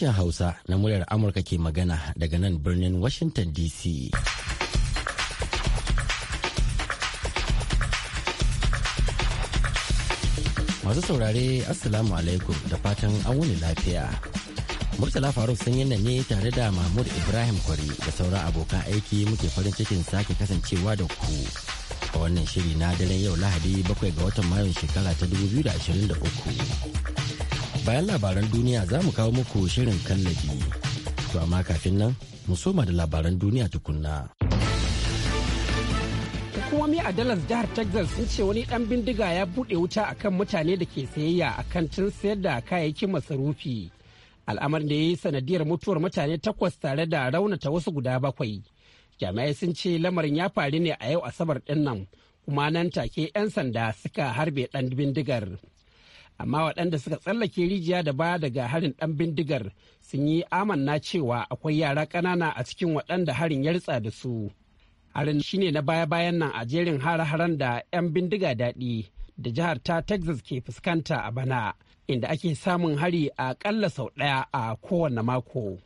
sashen Hausa na muryar Amurka ke magana daga nan birnin Washington DC. Masu saurare Assalamu alaikum da fatan an wuni lafiya. Murtala Faruk sun nan ne tare da Mahmud Ibrahim Kwari da sauran abokan aiki muke farin cikin sake kasancewa da ku. A wannan shiri na daren yau Lahadi bakwai ga watan Mayun shekara ta 2023. bayan labaran duniya za mu kawo muku shirin kallabi to amma kafin nan mu soma da labaran duniya tukunna hukumomi a dallas jihar texas sun ce wani dan bindiga ya buɗe wuta akan mutane da ke sayayya a tun sayar da kayayyakin masarufi al'amarin da ya yi sanadiyar mutuwar mutane takwas tare da raunata wasu guda bakwai jami'ai sun ce lamarin ya faru ne a yau asabar ɗinnan, kuma nan take 'yan sanda suka harbe ɗan bindigar amma waɗanda suka tsallake rijiya da baya daga harin ɗan bindigar sun yi amanna cewa akwai yara ƙanana a cikin waɗanda harin ya ritsa da su harin shine na baya-bayan nan a jerin hare-haren da 'yan bindiga daɗi da jihar ta texas ke fuskanta a bana inda ake samun hari a ƙalla sau ɗaya a kowane mako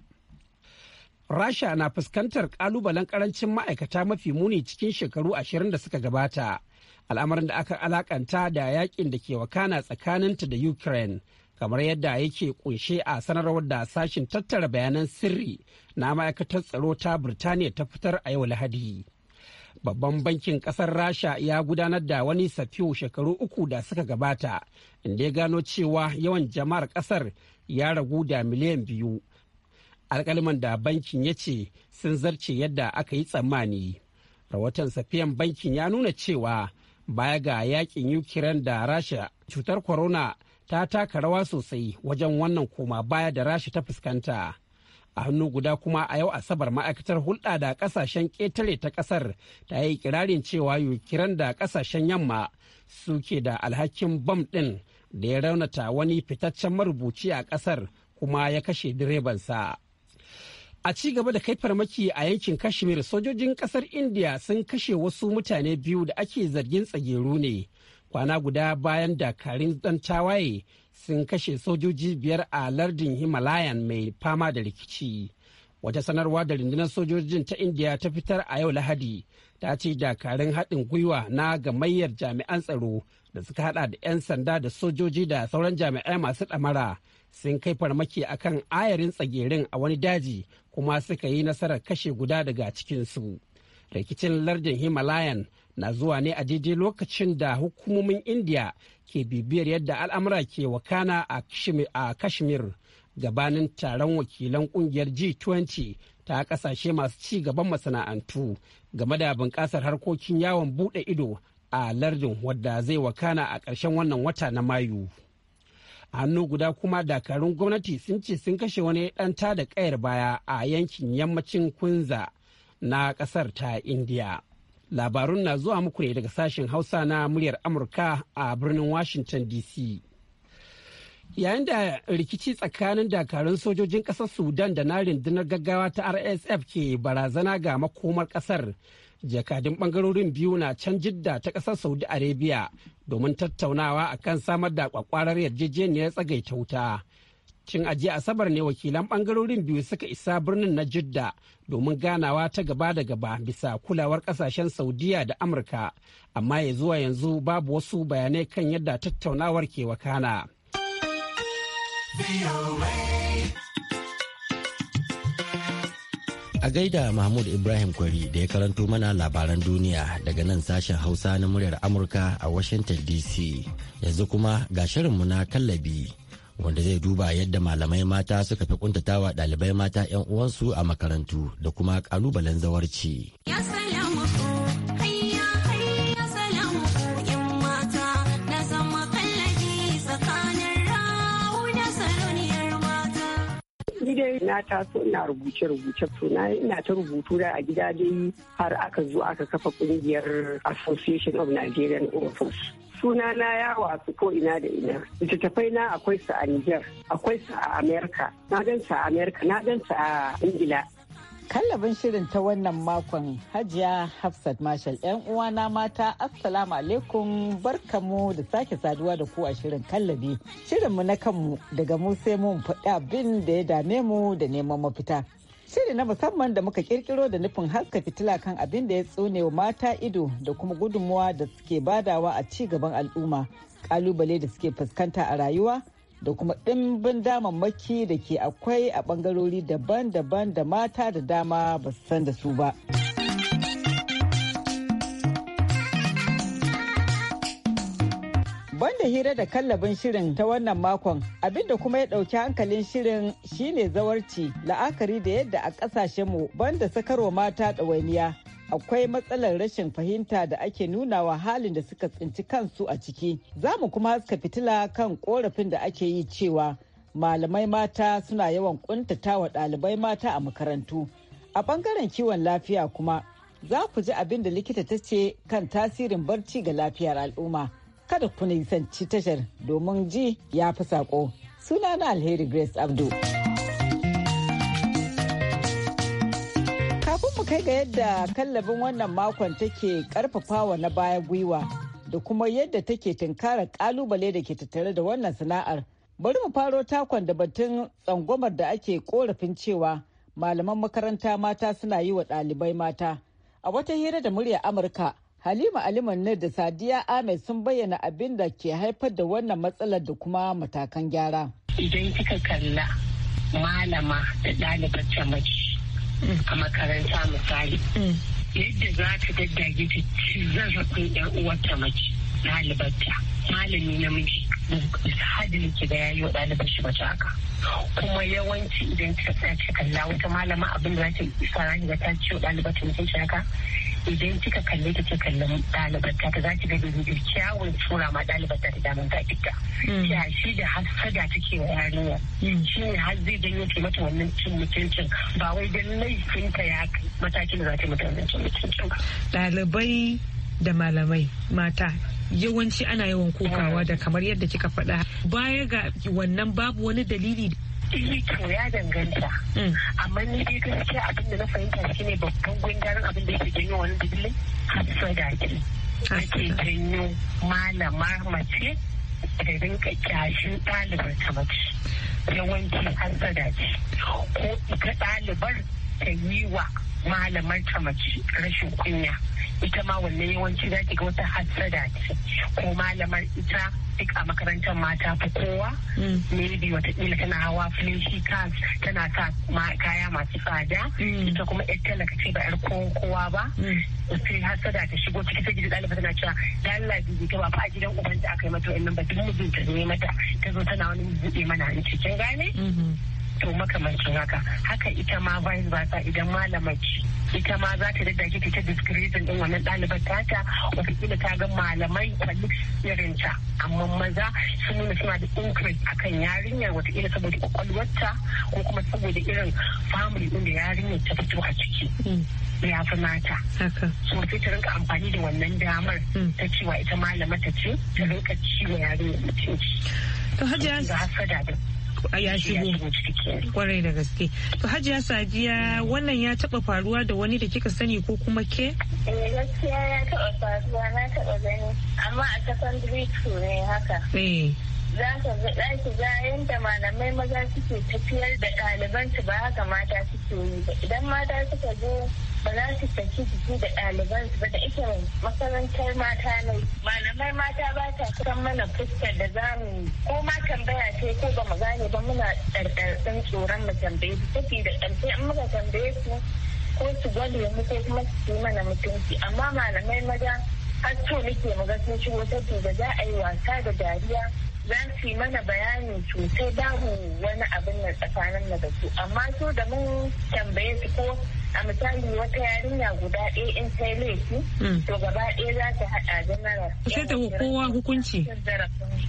rasha na fuskantar ƙalubalen ƙarancin ma'aikata mafi muni cikin shekaru ashirin da suka gabata al'amarin da aka alakanta da yakin da ke wakana tsakaninta da ukraine kamar yadda yake kunshe a sanarwar da sashin tattara bayanan sirri na ma'aikatar tsaro ta birtaniya ta fitar a yau lahadi babban bankin kasar rasha ya gudanar da wani safiyo shekaru uku da suka gabata inda ya gano cewa yawan jama'ar kasar ya ragu da miliyan biyu alkaliman da bankin ya ce sun zarce yadda aka yi tsammani rahoton safiyan bankin ya nuna cewa baya ga yakin ukraine da rasha cutar corona ta taka rawa sosai wajen wannan koma baya da rasha ta fuskanta a hannu guda kuma a yau asabar ma'aikatar hulɗa da ƙasashen ƙetare ta ƙasar ta yi kirarin cewa yukiran da ƙasashen yamma suke da alhakin bam ɗin da ya raunata wani fitaccen marubuci a ƙasar kuma ya kashe direbansa A ci gaba da kai farmaki a yankin Kashmir sojojin kasar India sun kashe wasu mutane biyu da ake zargin tsageru ne. Kwana guda bayan dakarun dan tawaye sun kashe sojoji biyar a lardin Himalayan mai fama da rikici. Wata sanarwa da rundunar sojojin ta India ta fitar a yau Lahadi ta ce dakarun haɗin gwiwa na gamayyar jami'an tsaro da suka hada da 'yan sanda da sojoji da sauran jami'ai masu ɗamara sun kai farmaki akan ayarin tsagerin a wani daji kuma suka yi nasarar kashe guda daga cikinsu rikicin lardin himalayan na zuwa ne a daidai lokacin da hukumomin indiya ke bibiyar yadda al'amura ke wakana a kashmir gabanin taron wakilan kungiyar g20 ta kasashe masu ci gaban masana'antu game da bunƙasar harkokin yawon buɗe ido a lardin wadda zai wakana a ƙarshen wannan wata na mayu hannu guda kuma dakarun gwamnati sun ce sun kashe wani ɗan da ƙayar baya a yankin yammacin kunza na ƙasar ta indiya labarun na zuwa muku ne daga sashen hausa na muryar amurka a birnin washington dc yayin da rikici tsakanin dakarun sojojin ƙasar sudan da na rundunar gaggawa ta rsf ke barazana ga makomar ƙasar jakadun bangarorin biyu na can jidda ta ƙasar saudi arabia domin tattaunawa akan samar da kwakwarar yarjejeniyar tsagaita wuta cin ajiya asabar ne wakilan bangarorin biyu suka isa birnin na jidda domin ganawa ta gaba da gaba bisa kulawar ƙasashen saudiya da amurka amma ya zuwa yanzu babu wasu bayanai kan yadda tattaunawar ke wakana. A gaida Mahmud Ibrahim Kwari da ya karanto mana labaran duniya daga nan sashen Hausa na muryar Amurka a Washington DC. Yanzu kuma ga shirinmu na kallabi wanda zai duba yadda malamai mata suka fi kuntatawa ɗalibai mata 'yan uwansu a makarantu da kuma ƙalubalen zawarci. dai na taso ina rubuce rubuce to ina ta rubutu da a gida dai har aka zo aka kafa kungiyar Association of Nigerian Authors. Suna na ya wasu ko ina da ina. Littattafai na akwai su a Niger, akwai su a Amerika, na gan su a Amerika, na gan su a Ingila, Kallabin shirin ta wannan makon Hajiya Hafsat marshal ‘yan uwana mata Assalamu alaikum barkamu da sake saduwa da ku a shirin kallabi. shirin mu na kanmu daga mu sai mun faɗi abin da ya dame mu da neman mafita. Shiri na musamman da muka kirkiro da nufin haska fitila kan abin da ya tsone wa mata ido da kuma gudunmuwa da suke badawa a ci gaban al'umma. Kalubale da suke fuskanta a rayuwa da kuma ɗimbin damammaki da ke akwai a ɓangarori daban-daban da mata da dama ba su san da su ba. Banda hira da kallabin shirin ta wannan makon abinda kuma ya ɗauki hankalin shirin shine zawarci la'akari da yadda a ƙasashenmu banda sakarwa mata ɗawainiya akwai matsalar rashin fahimta da ake nunawa halin da suka tsinci kansu a ciki za mu kuma haska fitila kan korafin da ake yi cewa malamai mata suna yawan wa ɗalibai mata a makarantu a ɓangaren kiwon lafiya kuma za ku ji abin da likita ta ce kan tasirin barci ga lafiyar al'umma kada ku nisanci tashar domin ji ya fi saƙo sunana alheri grace abdu. kai ga yadda kallabin wannan makon take karfafawa na baya gwiwa da kuma yadda take tunkarar kalubale da ke tattare da wannan sana'ar bari mu faro takon da batun tsangwamar da ake korafin cewa malaman makaranta mata suna yi wa ɗalibai mata a wata hira da murya amurka halima aliman da sadiya ahmed sun bayyana abin da ke haifar da wannan matsalar da kuma matakan gyara idan kika kalla malama da ɗalibar ta mace a makaranta misali yadda za ka daddage ta ci zarafin yan uwarta mace ɗalibarta malami namiji hadin ki da yayi wa ɗalibar shi mace haka kuma yawanci idan ta tsaya kalla wata malama abin da za ta isa ga ta ci wa ɗalibar ta mutunci haka idan kika kalle ta ke kallon ɗalibar ta za ki ga da kyawun tsura ma ɗalibar ta damun ta ita. Ya hmm. shi da hasada take wa yarinya. Hmm. Shi ne har zai janyo ke mata wannan cin mutuncin ba wai don laifinta ya matakin da za ta mutu wannan cin mutuncin ba. Ɗalibai da malamai mata yawanci ana yawan kokawa hmm. da kamar yadda kika faɗa baya ga wannan babu wani dalili yi to ya danganta. Mm. Amma ni dai gaskiya abin da na fahimta shi ne babban gundarin abin da yake janyo wani dubilin hasada ce. Ake janyo malama mace ta rinka kyashin ɗalibar ta mace. Yawanci da Ko ita ɗalibar ta yi wa malamar ta mace rashin kunya. ita ma wannan yawanci za ki ga wata hassada ce ko malamar ita duk a makarantar mata fi kowa mm. maybe watakila tana hawa flashy cars tana sa kaya masu tsada mm. ita kuma yar talaka ce ba yar kowa ba mm. sai hassada ta shigo ciki ta gidi ɗaliba tana cewa lalla bibi ta ba fa gidan ubanta aka yi mata wa'annan ba duk mijinta ne mata ta zo tana wani buɗe mana a cikin gane mm-hmm. to makamancin haka haka ita ma vice versa idan malamar ita ma za ta dadda ta discretion din wannan ɗalibar tata wataƙila ta ga malamai colleagues ta amma maza sun nuna suna da increase akan yarinyar wataƙila saboda kwakwalwarta ko kuma saboda irin family din da yarinyar ta fito a ciki mm. ya fi mata so sai ta rinka amfani da wannan damar mm. ta cewa ita malamar ta ce ta rinka ciwo yarinyar mutunci. To hajiya. Da hasada da. ya shigo kwarai da gaske to hajiya sadiya wannan ya taba faruwa da wani da kika sani ko kuma ke eh, gaskiya ya taba faruwa na taba gani amma a secondary school ne haka eh. za ka ga ɗaki za yadda malamai maza suke tafiyar da ɗaliban su ba haka mata suke yi ba idan mata suka zo ba za su saki jiki da ɗaliban su ba da ita makarantar mata ne malamai mata ba ta kusan mana fuskar da za mu ko ma tambaya ce ko ba mu gane ba muna ɗarɗarɗin tsoron mu tambaye su da ƙarfi an muka tambaye su ko su gwale mu ko kuma su yi mana mutunci amma malamai maza har to nake mu ga sun shigo da za a yi wasa da dariya za su yi mana bayani sosai babu wani abin na tsakanin da su amma su da mun tambaye su ko a misali wata yarinya guda ɗaya in sai laifi hmm. to gaba ɗaya za ta haɗa janarar sai ta kowa hukunci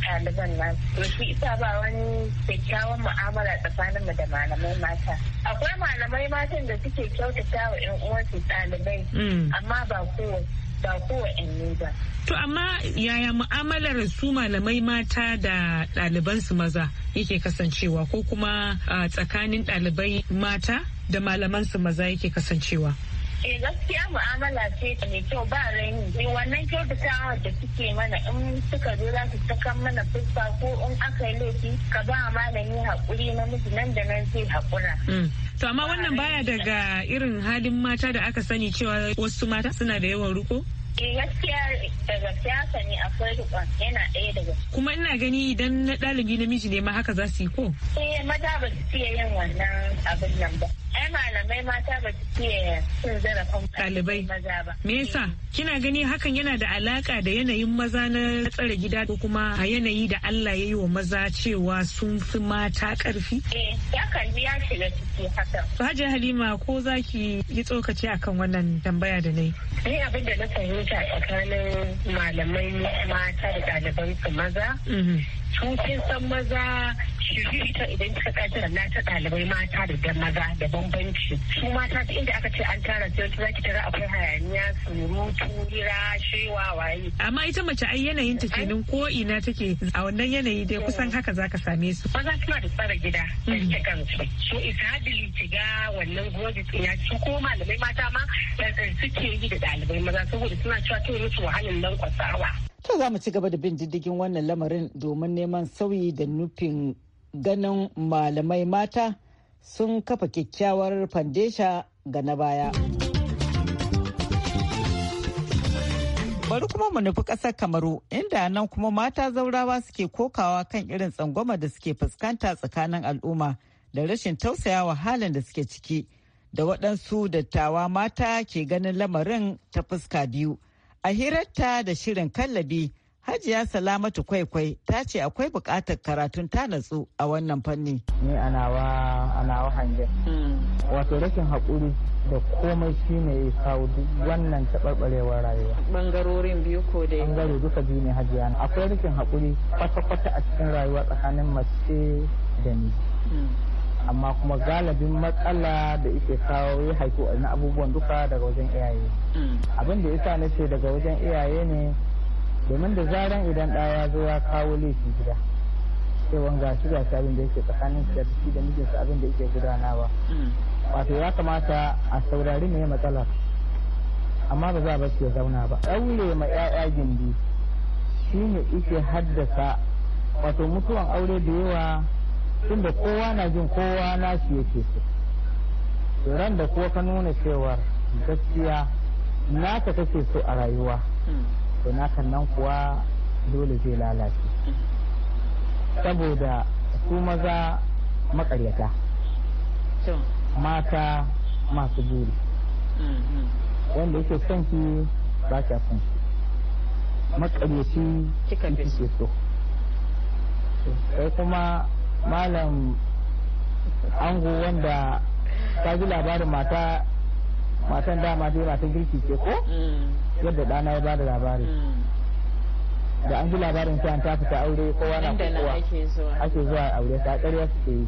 ɗaliban na. to shi ita ba wani kyakkyawan mu'amala tsakanin mu da malamai mata akwai malamai matan da suke kyautata wa ƴan uwansu ɗalibai hmm. amma ba kowa ba kowanne ba. To amma yaya mu'amalar su malamai mata da su maza yake kasancewa ko kuma ah, tsakanin ɗalibai mata da malaman su maza yake kasancewa? Eh gaskiya mu'amala ce mai kyau ba raini. Eh, wannan kyautatawa da suke mana in suka zo za su saka mana fuska ko in aka yi laifi ka ba malami haƙuri na miji nan da nan zai haƙura. Mm. To amma wannan baya daga irin halin mata da aka sani cewa wasu mata suna da yawan ruko? Eh, gaskiya daga siyasa ne akwai rikon yana ɗaya daga kuma ina gani idan na ɗalibi namiji ne ma haka za su yi ko? eh maza ba su fiye yin wannan abin nan ba ai malamai mata ba su iya cin zarafin ɗalibai maza ba. Me yasa mm. kina gani hakan yana da alaka da yanayin maza na tsare gida ko kuma a yanayi da Allah ya yi wa maza cewa sun fi mata ƙarfi? Eh, ya kalli ya shiga ciki hakan. Hajiya Halima ko za ki yi tsokaci akan wannan tambaya da na yi? Ni abin da na fahimta tsakanin malamai mata da ɗaliban mm-hmm. su maza. Sun san maza shiriri ta idan kika kaddara na ta ɗalibai mata da dan maza da bambanci su mata ta inda aka ce an tara sai su zaki tara akwai hayaniya surutu hira shewa waye amma ita mace ai yanayin ta kenan ko ina take a wannan yanayi dai kusan haka zaka same su maza suna da tsara gida hmm. da rike kansu so isadili ga wannan gwaji tsina su ko malamai mata ma eh, eh, suke yi da ɗalibai maza saboda suna cewa ta musu wahalar lankwasawa To za mu ci gaba da bin diddigin wannan lamarin domin neman sauyi da nufin ganin malamai mata sun kafa kyakkyawar fandesha ga na baya. bari kuma mu nufi ƙasar kamaru inda nan kuma mata zaurawa suke kokawa kan irin tsangwama da suke fuskanta tsakanin al'umma da rashin tausayawa halin da suke ciki da waɗansu dattawa mata ke ganin lamarin ta fuska biyu a hirarta da shirin kallabi Hajiya Salamatu Kwaikwai ta ce akwai buƙatar karatun ta natsu a wannan fanni. Ni anawa anawa hangen. Hmm. Wato rashin haƙuri da komai shi ne ya kawo duk wannan taɓarɓarewar rayuwa. Bangarorin biyu ko da Bangarorin duka biyu ne hajiya. Akwai rashin haƙuri kwata-kwata a cikin rayuwa tsakanin mace da miji. Hmm. Amma kuma galibin matsala da ike kawo ya haiku na abubuwan duka daga wajen iyaye. Hmm. Abin da ya sa na daga wajen iyaye ne domin da zaran idan ɗaya ya zo ya kawo laifi gida sai wanga shi ga abin da yake tsakanin da shi da mijinsa abin da yake gudanawa wato ya kamata a saurari mai matsalar amma ba za a bashi ya zauna ba ɗaure ma 'ya'ya gindi shi ne ike haddasa wato mutuwan aure da yawa tunda kowa na jin kowa na shi yake so ran da kuwa ka nuna cewar gaskiya naka kake so a rayuwa to nakan nan kuwa dole zai lalace saboda su maza makaryata mata masu buri mm-hmm. wanda yake son ki ba ki son ki makaryaci ke so sai kuma malam ango wanda ta ji labarin mata matan dama dai matan girki ce ko mm. yadda dana ya bada labari mm. da an ji labarin ta an ta fita aure kowa na kowa ake zuwa aure ta ƙarya suke yi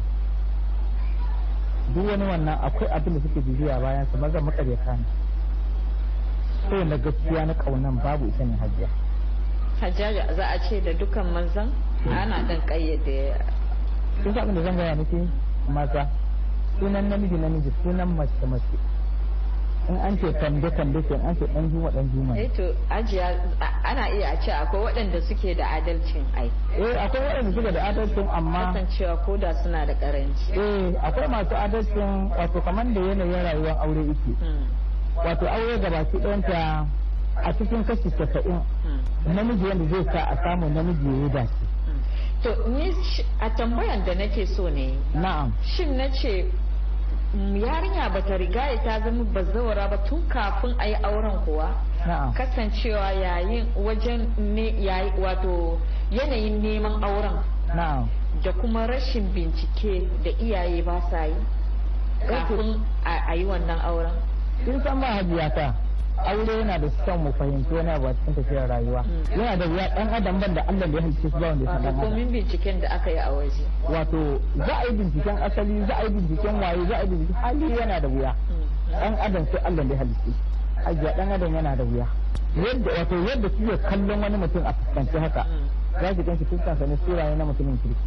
duk wani wannan akwai abin da suke bibiya bayan su maza makaryata ne sai na gaskiya na kaunan babu ita ne hajjiya hajjiya za a ce da dukkan mazan ana dan kayyade sun abin da zan gaya miki maza sunan namiji namiji sunan mace mace in an ce kambe kambe ke an ce dan juma dan juma eh to ajiya ana iya a ce akwai waɗanda suke da adalcin ai eh akwai waɗanda suke da adalcin amma kasancewa ko da suna da karanci eh akwai masu adalcin wato kamar da yanayin rayuwar aure yake hmm. wato aure su ɗayanta a cikin kashi casa'in hmm. namiji wanda zai sa a samu namiji ya yi dace hmm. to ni a tambayan da nake so ne na'am shin na ce Mm, yarinya ba ta riga ta zama bazawara ba tun kafin a yi auren kuwa kasancewa yayin wajen ne wato yanayin neman auren da kuma rashin bincike da iyaye ba sa yi eh kafin a yi wannan auren in san ba hajiyata aure yana da son mu fahimci wani abu a cikin tafiyar rayuwa mm. yana da wuya dan adam ban da Allah da ya halice su ba wanda ya san wato komin binciken da aka yi a waje wato za a yi binciken asali za a yi binciken waye za a yi binciken hali yana da wuya dan mm. adam sai Allah da ya halice ajiya dan adam yana da wuya yadda wato yadda kike kallon wani mutum a fuskanci haka mm. za ki ganshi fuskansa ne sura ne na mutumin kirki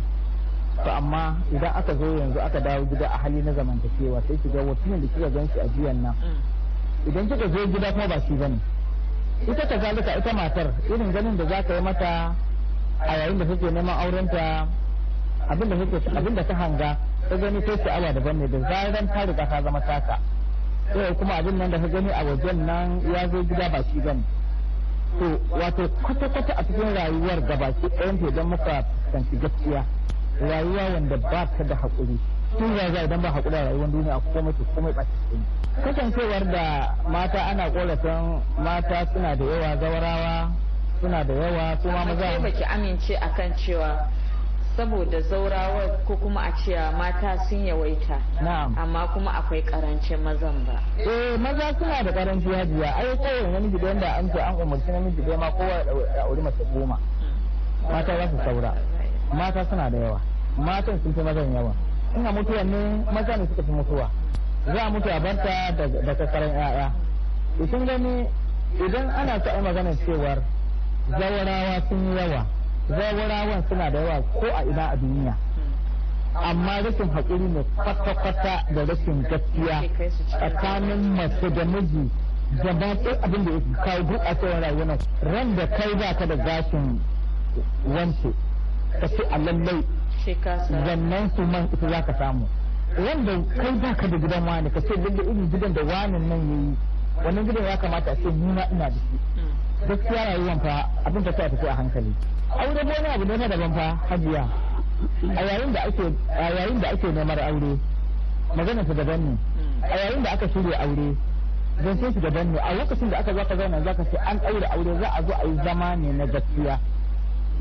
to amma idan aka zo yanzu aka dawo gida a hali na zamantakewa sai ki ga mutumin da kika ganshi a jiyan nan idan kika zo gida kuma ba shi bane ita ta zalika ita matar irin ganin da za ka yi mata a yayin da kake neman aurenta abin da kake abin da ta hanga ta gani kai sha'awa daban ne da zaran ta riga ta zama taka sai kuma abin nan da ka gani a wajen nan ya zo gida ba shi bane to wato kwata-kwata a cikin rayuwar gabaki ɗayan idan muka fuskanci gaskiya rayuwa wanda ba ta da hakuri. tun ya zai idan ba haƙuri a rayuwar duniya ko kuma to kuma ba kasancewar da mata ana ƙorafin mata suna da yawa zawarawa suna da yawa kuma maza ba ki amince akan cewa saboda zaurawa ko kuma a cewa mata sun yawaita amma kuma akwai karancin mazan ba eh maza suna da karanci hajiya ai kowane namiji da yanda an ce an umarci namiji da ma kowa ya auri mace goma mata za su saura mata suna da yawa matan sun fi mazan yawa ina mutuwa ne maza ne suka fi mutuwa za a mutu a barta da kakarar ya'ya ikin gani idan ana sa'a maganar cewar zawarawa sun yi yawa zawarawan suna da yawa ko a ina a duniya amma rashin haƙuri ne kwata-kwata da rashin gaskiya tsakanin masu da miji da ba abin da yake kawo duk a tsawon rayuwar ran da kai ba ka da gashin wance ka ce a lallai wannan su man ita za ka samu wanda kai ba ka da gidan wani ka ce lalle irin gidan da wanin nan yayi wannan gidan ya kamata a ce ni ma ina da shi hmm. gaskiya rayuwan fa abin ta tafi a hankali aure ba wani abu ne na daban fa hajiya a yayin da ake a yayin da ake neman aure magana su daban ne a hmm. yayin da aka shirya aure zan sai su daban ne a lokacin da aka zo zauna zaka ce an aure aure za a zo a yi zama ne na gaskiya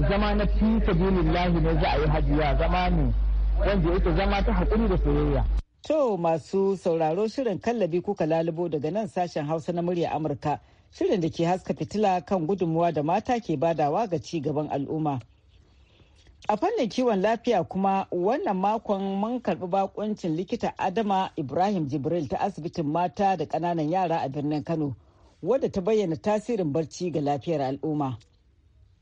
zama na fi lahi ne za a yi hajiya zama ne wanda yake zama ta haƙuri da soyayya To masu sauraro shirin kallabi kuka lalubo daga nan sashen Hausa na murya Amurka. Shirin da ke haska fitila kan gudunmuwa da mata ke badawa ga ci gaban al'umma. A fannin kiwon lafiya kuma wannan makon mun karɓi bakoncin likita Adama Ibrahim Jibril ta asibitin mata da ƙananan yara a birnin Kano, wadda ta bayyana tasirin barci ga lafiyar al'umma.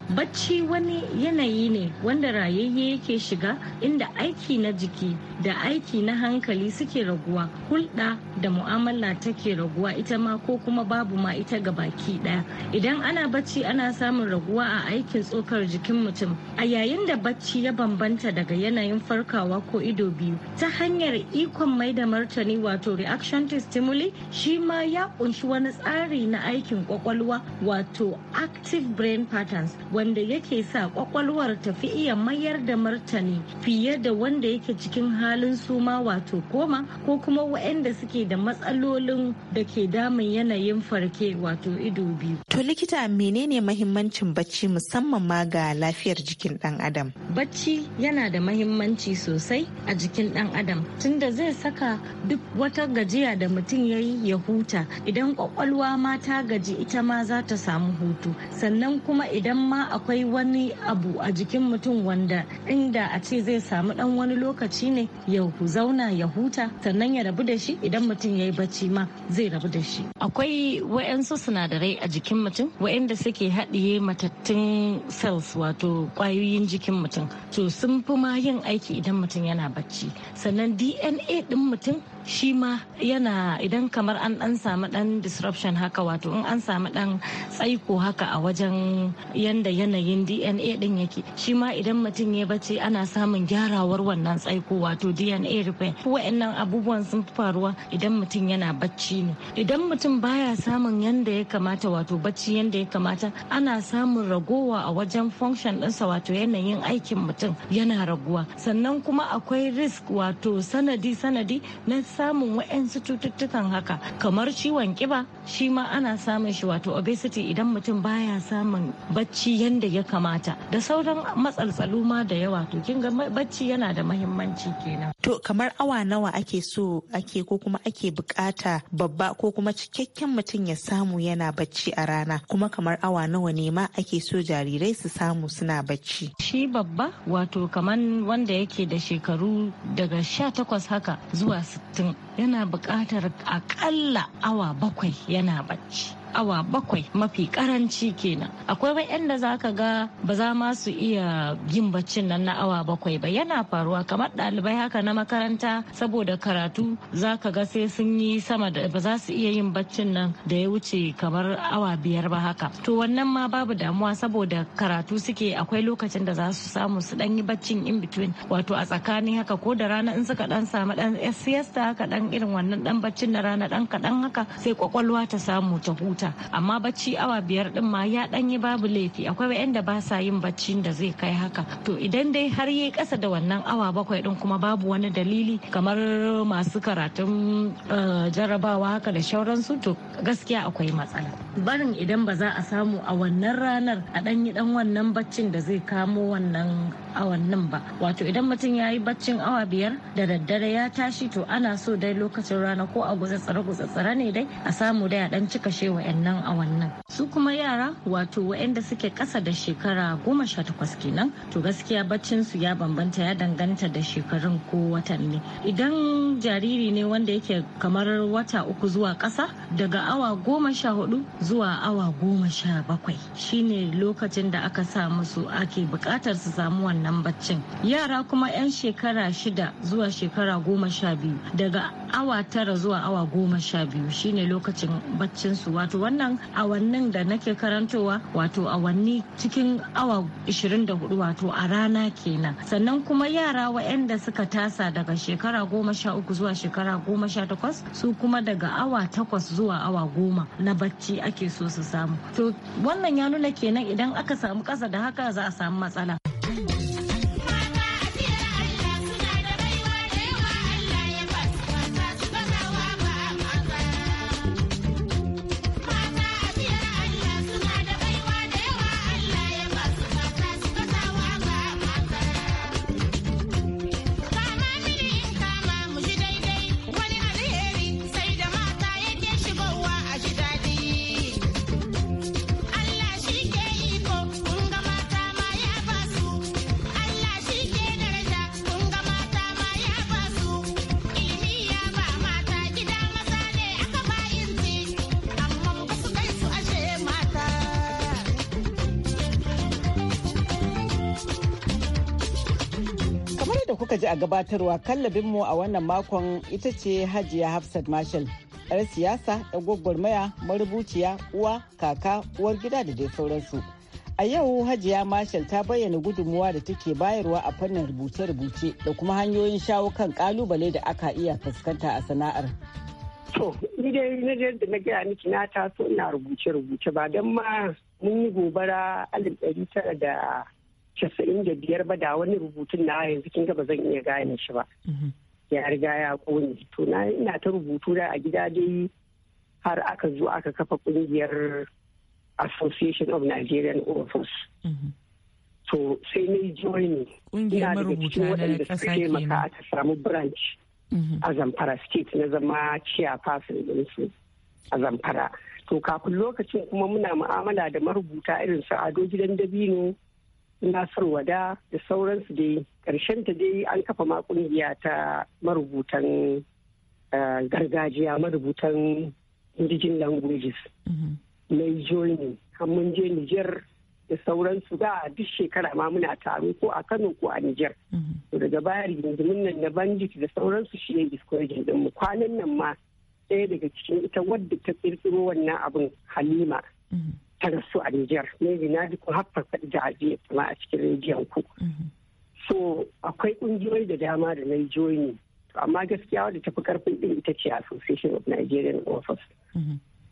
Bacci wani yanayi ne wanda rayayye yake shiga inda aiki na jiki da aiki na hankali suke raguwa hulɗa da mu'amala take raguwa ita ma ko kuma babu ma ita ga baki ɗaya. Idan ana bacci ana samun raguwa a aikin tsokar jikin mutum. A yayin da bacci ya bambanta daga yanayin farkawa ko ido biyu ta hanyar ikon mai da martani wato reaction to stimuli shi ma ya kunshi wani tsari na aikin kwakwalwa wato active brain patterns wanda yake sa kwakwalwar tafi iya mayar da martani fiye da wanda yake cikin halin suma wato koma ko kuma waɗanda suke da matsalolin da ke damun yanayin farke wato ido biyu. To likita menene mahimmancin bacci musamman ma ga lafiyar jikin ɗan adam? Bacci yana da mahimmanci sosai a jikin ɗan adam tunda zai saka duk wata gajiya da mutum ya yi ya huta idan kwakwalwa ma ta gaji ita ma za ta samu hutu sannan kuma idan ma ma akwai wani abu a jikin mutum wanda inda a ce zai samu dan wani lokaci ne ya zauna ya huta sannan ya rabu da shi idan mutum ya yi bacci ma zai rabu da shi akwai wa'yansu sinadarai a jikin mutum wa'yanda suke haɗiye matattun cells wato ƙwayoyin jikin mutum to sun fi ma yin aiki idan mutum yana bacci sannan dna ɗin mutum shi ma yana idan kamar an dan samu dan disruption haka wato in an samu dan tsaiko haka a wajen yanda yanayin dna din yake shi ma idan mutum ya bace ana samun gyarawar wannan tsaiko wato dna repair wa'annan abubuwan sun fi faruwa idan mutum yana bacci ne idan mutum baya samun yanda ya kamata wato bacci yanda ya kamata ana samun ragowa a wajen function ɗinsa wato yanayin aikin mutum yana raguwa sannan kuma akwai risk wato sanadi sanadi na samun wa'yansu cututtukan haka kamar ciwon kiba shi ma ana samun shi wato obesity idan mutum baya samun bacci yanda ya kamata da sauran matsaltsalu ma da yawa to kin ga bacci yana da mahimmanci kenan to kamar awa nawa ake so ake ko kuma ake bukata babba ko kuma cikakken mutum ya samu yana bacci a rana kuma kamar awa nawa ne ma ake so jarirai su samu suna bacci shi babba wato kamar wanda yake da shekaru daga 18 haka zuwa mutum yana bukatar akalla awa bakwai yana bacci awa bakwai mafi karanci kenan akwai wayan za zaka ga ba za ma su iya yin baccin nan na awa bakwai ba yana faruwa kamar ɗalibai haka na makaranta saboda karatu zaka ga sai sun yi sama da ba za su iya yin baccin nan da ya wuce kamar awa biyar ba haka to wannan ma babu damuwa saboda karatu suke akwai lokacin da za su samu su dan yi baccin in between wato a tsakanin haka ko da rana in suka dan samu dan siesta haka dan irin wannan dan baccin na rana dan kadan haka sai kwakwalwa ta samu ta huta amma bacci awa biyar din ma ya danyi babu laifi akwai da ba sa yin bacci da zai kai haka to idan dai har yi kasa da wannan awa bakwai din kuma babu wani dalili kamar masu karatun eh, jarabawa haka da shauransu to gaskiya akwai matsala barin idan ba za a samu a wannan ranar a dan dan wannan baccin da zai kamo wannan awannin ba wato idan mutum ya yi baccin awa biyar da daddare ya tashi to ana so dai lokacin rana ko a gutsatsare gutsatsare ne dai a samu dai a dan cika shewa a wannan su kuma yara wato waɗanda suke ƙasa da shekara goma sha takwas kenan to gaskiya baccin su ya bambanta ya danganta da shekarun ko watanni idan jariri ne wanda yake kamar wata uku zuwa ƙasa daga awa goma sha hudu zuwa awa goma sha bakwai shine lokacin da aka sa musu ake buƙatar su samu wannan baccin yara kuma 'yan shekara shida zuwa shekara goma sha biyu daga awa tara zuwa awa goma sha biyu shine lokacin baccin su wato wannan awannin da nake karantowa wato awanni cikin awa 24 wato a rana kenan sannan kuma yara waɗanda suka tasa daga shekara goma sha uku zuwa shekara goma sha takwas su kuma daga awa takwas zuwa awa goma na bacci ake so su samu to wannan ya nuna kenan idan aka samu ƙasa da haka za a samu matsala ji a gabatarwa kallabinmu a wannan makon ita ce Hajiya Hafsat Marshall. 'Yar siyasa, da gwagwarmaya, marubuciya, uwa, kaka, uwar gida da dai sauransu. A yau Hajiya marshal ta bayyana gudunmuwa da take bayarwa a fannin rubuce-rubuce da kuma hanyoyin shawo kan kalubale da aka iya fuskanta a sana'ar. To, ni dai da na gaya miki na taso ina rubuce-rubuce ba don ma mun yi gobara alif ɗari tara da casa'in da biyar ba da wani rubutun na yanzu kin ga ba zan iya gane shi ba mhm. ya riga ya kone to na ina ta rubutu da a gida dai har aka zo aka kafa kungiyar association of nigerian authors mhm. to sai na yi join ina daga cikin waɗanda suka taimaka aka samu branch mhm. a zamfara state na zama chairperson ɗinsu a zamfara to kafin lokacin kuma muna mu'amala da marubuta irin su ado gidan dabino nasar wada da sauransu dai ƙarshen ta dai an kafa ma ƙungiya ta marubutan eh, gargajiya marubutan indijin languages mai mhm. joini mun je Nijar da sauransu da duk shekara ma muna taro ko a Kano ko a Nijar. Mhm. daga baya rigingimin nan na bandit da sauransu shi ne discouraging din mu kwanan nan ma ɗaya daga cikin ita wadda ta tsirtsiro wannan abin Halima mhm. ta rasu a Nijar. Maybe na ji ko har da ajiye kuma a cikin rediyon ku. So akwai ƙungiyoyi da dama da na joini. Amma gaskiya wadda fi karfin ɗin ita ce Association of Nigerian Authors.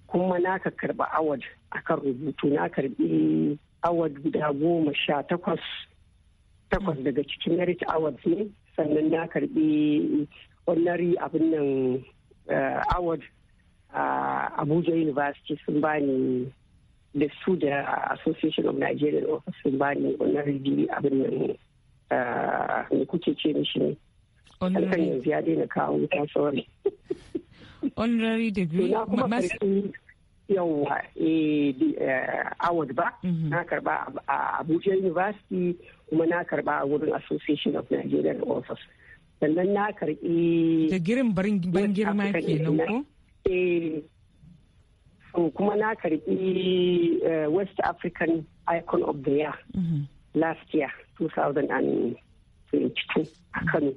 Kuma na ka karba award a kan rubutu na karɓi award guda goma sha takwas. Takwas daga cikin merit awards ne sannan na karɓi ordinary abin nan eh, award a ah, Abuja University sun bani da su da association of nigerian officers ba ne honorary abin nan ne ah, kuke ce mishi ne alkan yanzu ya daina kawo ta sorry honorary degree yawwa eh, eh, award ba mhm. na karba a abuja university kuma na karba a wurin association of nigerian officers sannan na karbi da girin ban girma kenan ko eh, kuma na karbi eh, west african icon of the year mm-hmm. last year 2022 a kano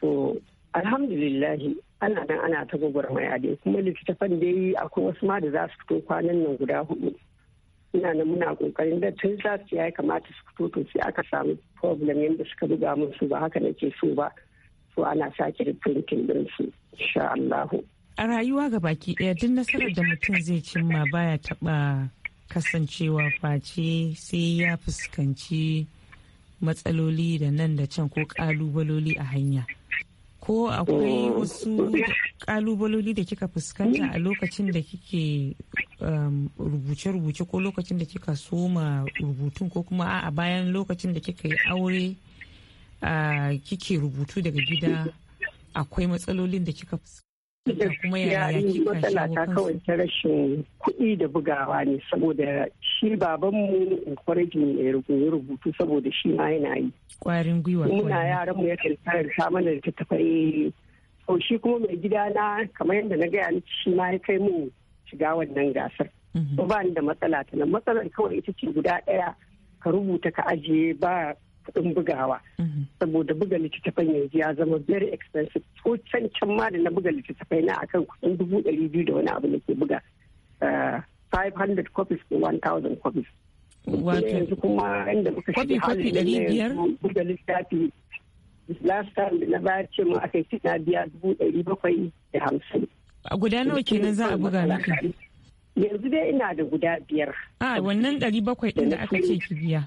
so alhamdulillahi ana nan ana ta gwagwarmaya dai kuma littattafan dai akwai wasu ma da za su fito kwanan nan guda hudu ina nan muna kokarin da tun za su ya kamata su fito to sai aka samu problem yadda suka buga su ba haka nake so ba so ana sake reprinting din su insha Allah a rayuwa ga baki ɗaya duk nasarar da mutum zai cimma baya taɓa kasancewa face sai ya fuskanci matsaloli da nan da can ko ƙalubaloli a hanya ko akwai mm. wasu ƙalubaloli da kika fuskanta a lokacin da kike um, rubuce-rubuce ko lokacin da kika soma rubutun ko kuma a bayan lokacin da kika yi aure kike rubutu daga gida akwai matsalolin da kika fuskanta gaskiya matsala ta kawai ta rashin kuɗi da bugawa ne saboda shi babanmu encouraging ya rubutu saboda shi ma yana yi kwarin gwiwa muna yaran mu yakan ta mana littattafai to shi kuma mai gida na kamar yadda na gaya ni shi ma ya kai mu shiga wannan gasar mhm. ba ni da matsala ta nan matsalar kawai ita ce guda ɗaya ka rubuta ka ajiye ba kuɗin bugawa mhm. saboda buga littattafai yanzu ya zama very expensive ko can can ma da na buga littattafai na akan kuɗin dubu ɗari biyu da wani abu da ke buga 500 eh, copies ko 1000 copies yanzu kuma inda muka shiga hali da buga littafi last time na baya ce mu aka yi na biya dubu ɗari bakwai da hamsin a guda nawa kenan za a buga maka yanzu dai ina da guda biyar a ah, wannan ɗari bakwai ɗin da aka ce ki biya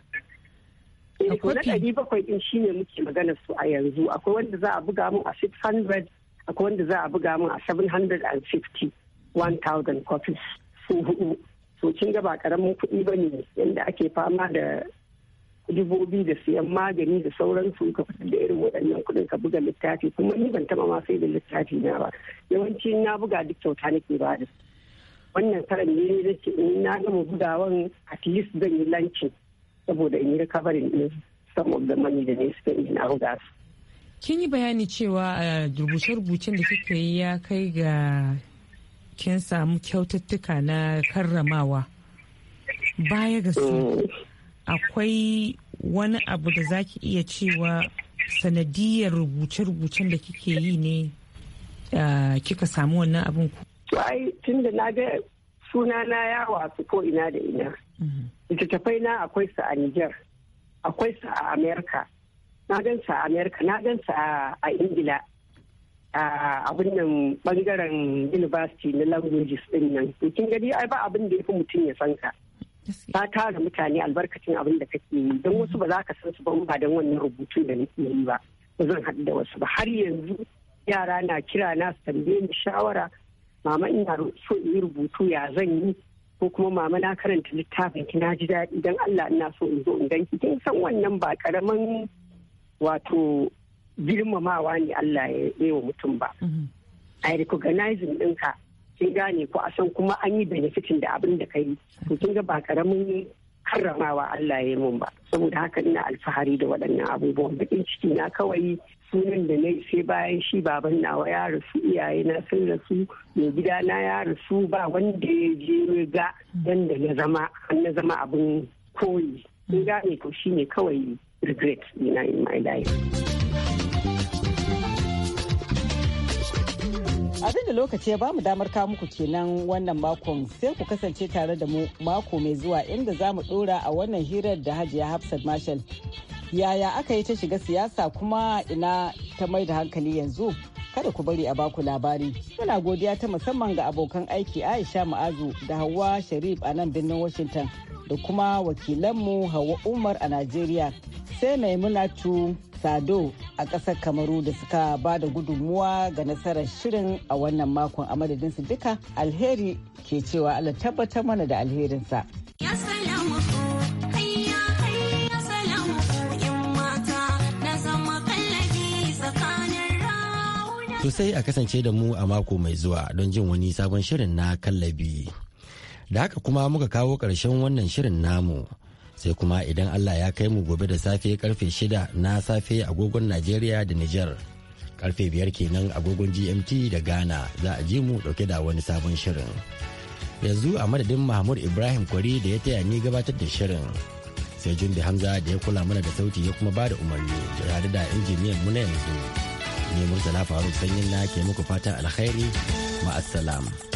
Eh, na ɗari bakwai ɗin shine muke magana su a yanzu akwai wanda za a buga mu a 600 akwai wanda za a buga mun a 750 1000 copies su hudu so kin ga ba karamin kuɗi ba ne yadda ake fama da dubobi da siyan magani da sauransu ka fitar da irin waɗannan kuɗin ka buga littafi kuma ni ban taɓa ma sai da littafi na ba yawanci na buga duk kyauta nake ba da wannan karan ne na ce in na gama bugawan at least zan yi lancin saboda in recovering din some of the money da ne spending out su. Kin yi bayani cewa a uh, rubuce-rubucen da kike yi ya kai ga kin samu kyaututtuka na karramawa. Baya ga su mm. akwai wani abu da za ki iya cewa sanadiyar rubuce-rubucen da kike yi ne uh, kika samu wannan abin ku. Ai, tun da na ga sunana ya wasu ko ina da ina. littattafai na akwai su a niger akwai su a america na gan su a america na gan su a ingila a abin nan bangaren university na languages din nan kin gani ai ba abin da ya fi mutum ya san ka ta tara mutane albarkacin abin da kake yi don wasu ba za ka san su ba ba don wannan rubutu da nake yi ba ba zan haɗu da wasu ba har yanzu yara na kira na su tambaye ni shawara mama ina so in yi rubutu ya zan yi ko kuma mama na karanta littafin ki na ji daɗi dan Allah ina so in zo in ki kin san wannan ba karaman wato girmamawa ne Allah ya yi wa mutum ba mhm. a recognizing ɗinka kin gane ko a san kuma an yi benefitin da abin da kai to kin ga ba karamin karramawa Allah ya mun ba saboda haka ina alfahari da waɗannan abubuwan bakin ciki na kawai sunan da na sai bayan shi baban nawa ya rasu iyaye na sun rasu mai gida na ya rasu ba wanda ya je ga da na zama na zama abin koyi in gane to shine kawai regret ina in my life abin da lokaci ya bamu damar kawo muku kenan wannan makon sai ku kasance tare da mu mako mai zuwa inda za mu dora a wannan hirar da hajiya hafsat mashal yaya aka yi ta shiga siyasa kuma ina ta mai da hankali yanzu kada ku bari a baku labari. Muna godiya ta musamman ga abokan aiki Aisha Ma'azu da hawa Sharif a nan birnin Washington da kuma wakilanmu hawa Umar a Najeriya. Sai mai Maimunatu Sado a ƙasar Kamaru da suka ba da gudunmuwa ga nasarar shirin a wannan makon a madadinsu duka alheri ke cewa Allah tabbatar mana da alherinsa. Yes, To sai a kasance da mu a mako mai zuwa don jin wani sabon shirin na kallabi. Da haka kuma muka kawo ƙarshen wannan shirin namu. Sai kuma idan Allah ya kai mu gobe da safe karfe shida na safe agogon Najeriya da Nijar. Karfe biyar kenan agogon GMT da Ghana za a ji mu ɗauke da wani sabon shirin. Yanzu a madadin Mahmud Ibrahim Kwari da ya taya ni gabatar da shirin. Sai jundi Hamza da ya kula mana da sauti ya kuma ba da umarni tare da injiniyan mu na yanzu. Ni murtala faruk sanyin na ke muku fatan alkhairi ma'assalam.